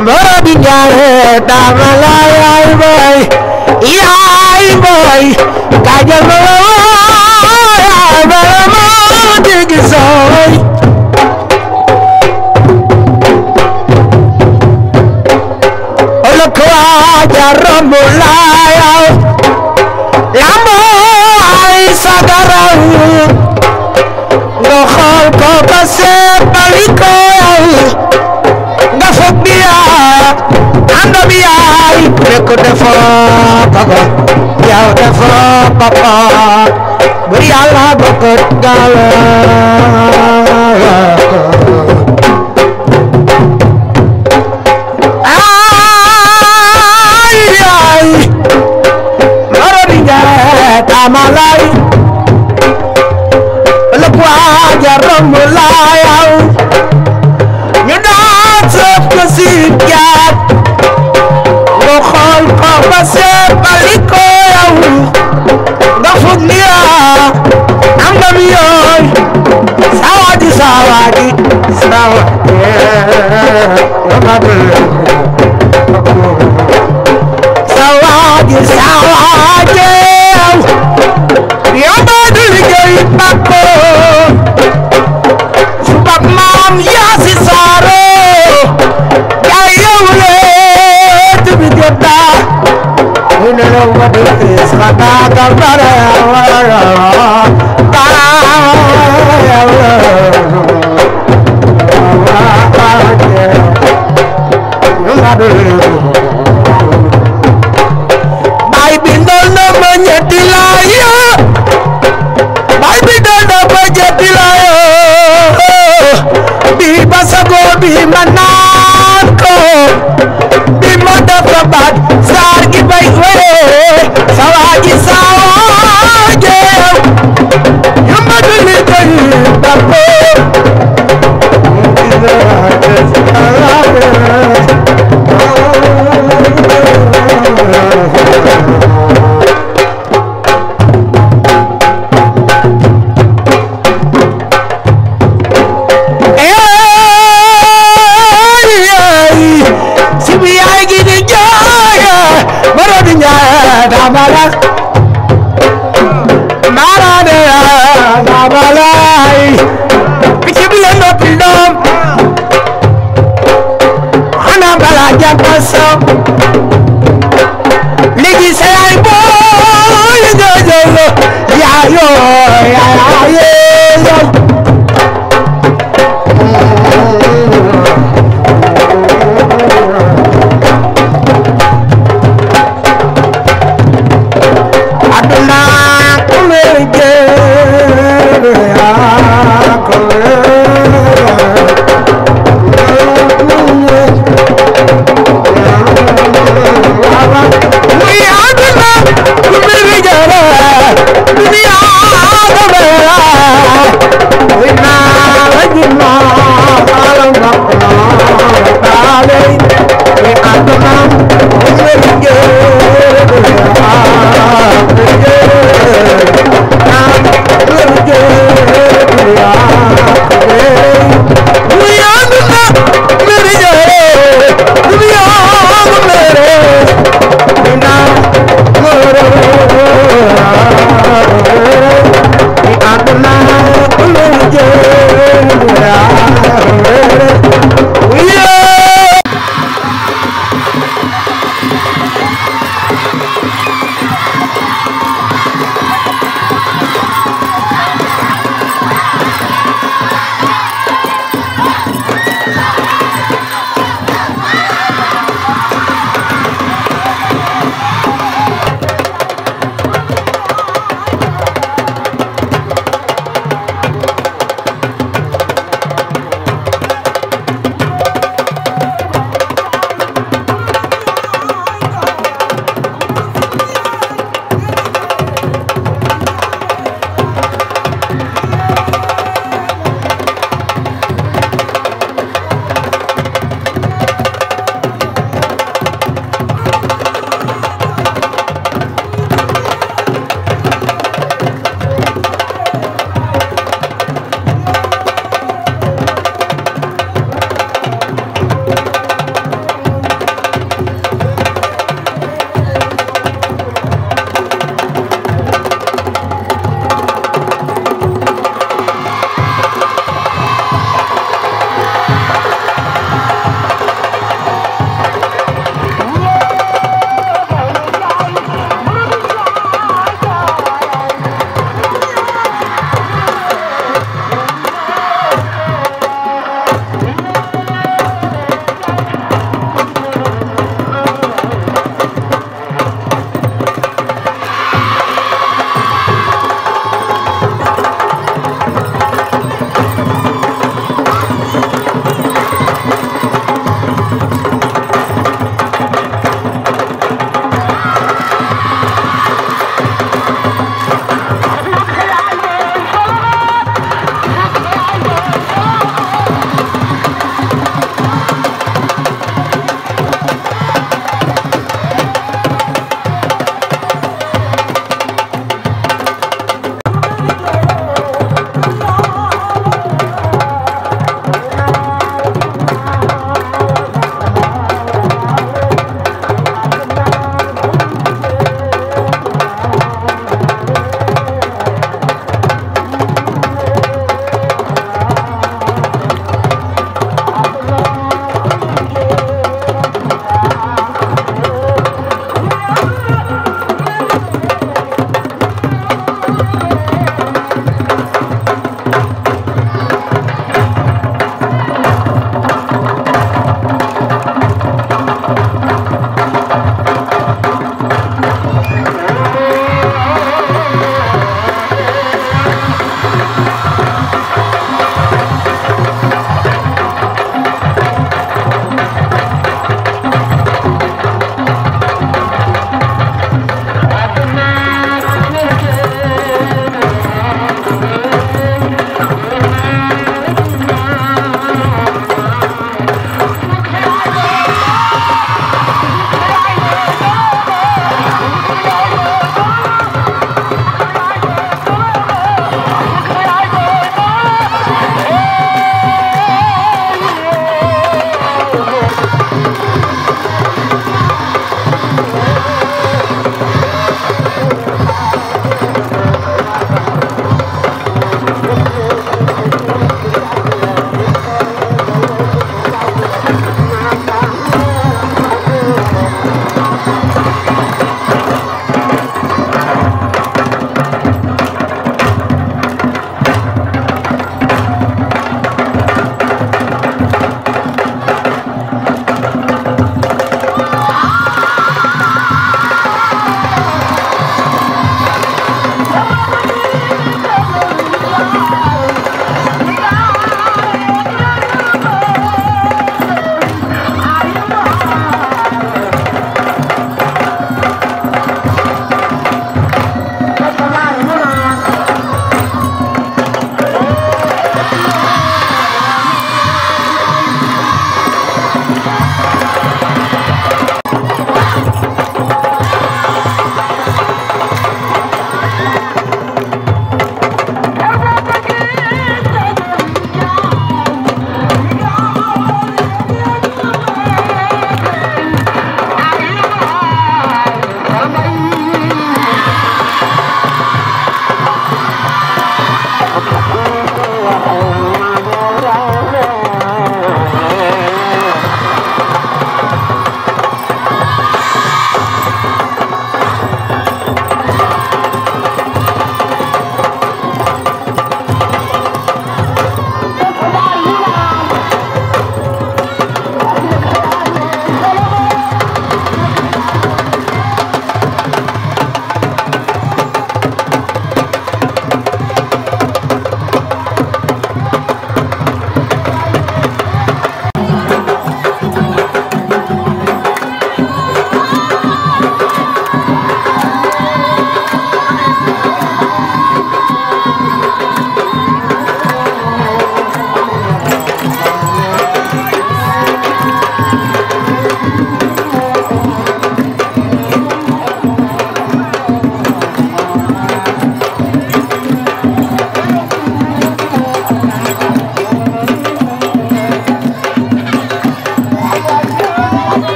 mboro dama la yaay boy yaay boy kajal ma la woo yaay bala moo digi sooy olok waa jarambu la yaw lambo ay sagaraw nga xool ko ba seet bali ko yaw nga foog bi rek defoo ko ko yow defoo ko ko bu yàlla bëgg nga la gi sawa sawadi ya ba dul gey bako suba mam ya si saro ya yewle tibi jota ina lo wadi is khata thank you